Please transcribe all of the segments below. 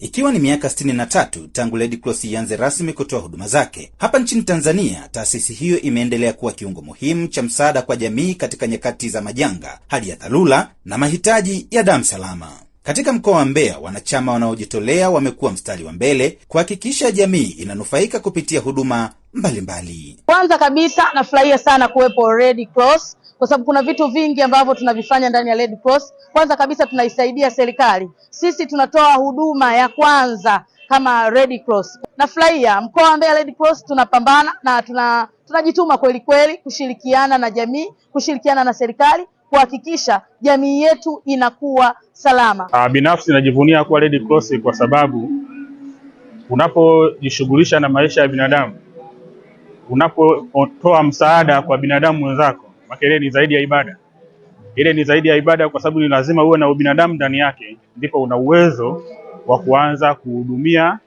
Ikiwa ni miaka 63 tangu Red Cross ianze rasmi kutoa huduma zake hapa nchini Tanzania, taasisi hiyo imeendelea kuwa kiungo muhimu cha msaada kwa jamii katika nyakati za majanga, hali ya dharura na mahitaji ya damu salama. Katika mkoa wa Mbeya, wanachama wanaojitolea wamekuwa mstari wa mbele kuhakikisha jamii inanufaika kupitia huduma mbalimbali. Kwanza kabisa nafurahia sana kuwepo Red Cross kwa sababu kuna vitu vingi ambavyo tunavifanya ndani ya Red Cross. Kwanza kabisa tunaisaidia serikali, sisi tunatoa huduma ya kwanza kama Red Cross. Nafurahia mkoa wa Mbeya Red Cross tunapambana na tuna tunajituma kweli kweli kushirikiana na jamii, kushirikiana na serikali kuhakikisha jamii yetu inakuwa salama. Ah, binafsi najivunia kuwa Red Cross kwa sababu unapojishughulisha na maisha ya binadamu, unapotoa msaada kwa binadamu wenzako maana ni zaidi ya ibada, ile ni zaidi ya ibada, kwa sababu ni lazima uwe na ubinadamu ndani yake, ndipo una uwezo wa kuanza kuhudumia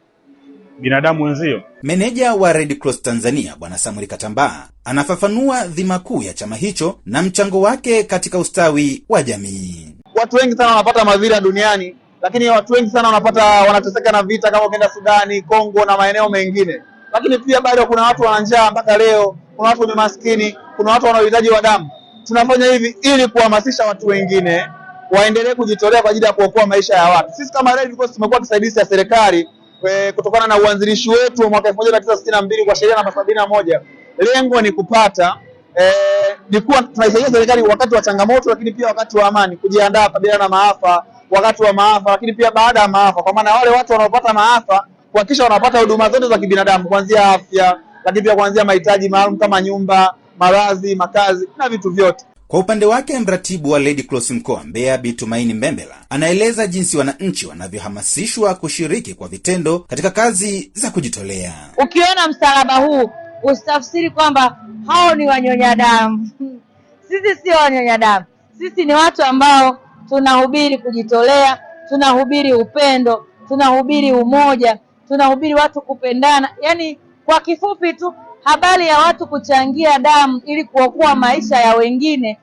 binadamu wenzio. Meneja wa Red Cross Tanzania Bwana Samuel Katambaa anafafanua dhima kuu ya chama hicho na mchango wake katika ustawi wa jamii. Watu wengi sana wanapata madhira duniani, lakini watu wengi sana wanapata wanateseka na vita, kama ukienda Sudani, Kongo na maeneo mengine, lakini pia bado kuna watu wana njaa mpaka leo kuna watu wenye maskini, kuna watu wanaohitaji wa damu. Tunafanya hivi ili kuhamasisha watu wengine waendelee kujitolea kwa ajili ya kuokoa maisha ya watu. Sisi kama Red Cross tumekuwa tusaidizi ya serikali eh, kutokana na uanzilishi wetu wa mwaka 1962 kwa sheria namba moja. Lengo ni kupata eh, ni kuwa tunaisaidia serikali wakati wa changamoto, lakini pia wakati wa amani, kujiandaa kabla na maafa, wakati wa maafa, lakini pia baada ya maafa, kwa maana wale watu wanaopata maafa kuhakikisha wanapata huduma zote za kibinadamu kuanzia afya lakini pia kuanzia mahitaji maalum kama nyumba, maradhi, makazi na vitu vyote. Kwa upande wake mratibu wa Red Cross mkoa Mbeya, bitumaini Mbembela, anaeleza jinsi wananchi wanavyohamasishwa kushiriki kwa vitendo katika kazi za kujitolea. Ukiona msalaba huu usitafsiri kwamba hao ni wanyonya damu. Sisi sio wanyonya damu, sisi ni watu ambao tunahubiri kujitolea, tunahubiri upendo, tunahubiri umoja, tunahubiri watu kupendana, yaani kwa kifupi tu, habari ya watu kuchangia damu ili kuokoa maisha ya wengine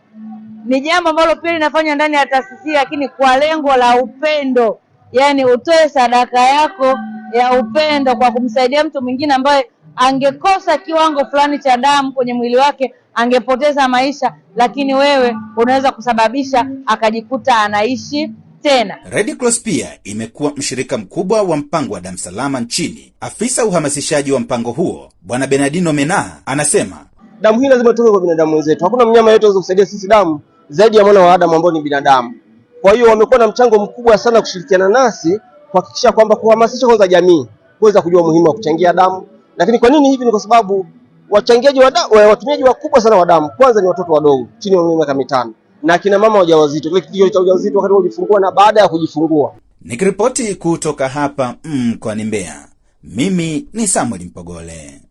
ni jambo ambalo pia linafanywa ndani ya taasisi, lakini kwa lengo la upendo, yaani utoe sadaka yako ya upendo kwa kumsaidia mtu mwingine ambaye angekosa kiwango fulani cha damu kwenye mwili wake, angepoteza maisha, lakini wewe unaweza kusababisha akajikuta anaishi tena. Red Cross pia imekuwa mshirika mkubwa wa mpango wa damu salama nchini. Afisa uhamasishaji wa mpango huo Bwana Benardino Mena anasema damu hii lazima itoke kwa binadamu wenzetu. Hakuna mnyama yeyote aweza kusaidia sisi damu zaidi ya mwana wa Adamu ambao ni binadamu. Kwa hiyo wamekuwa na mchango mkubwa sana kushirikiana nasi kuhakikisha kwamba, kuhamasisha kwanza jamii kuweza kujua umuhimu wa kuchangia damu. Lakini kwa nini hivi? Ni kwa sababu wachangiaji wa watumiaji wakubwa sana wa damu kwanza ni watoto wadogo chini ya miaka mitano na kina mama wajawazito, kile cha ujauzito wakati kujifungua na baada ya kujifungua. Nikiripoti kutoka hapa mkoani mm, Mbeya, mimi ni Samuel Mpogole.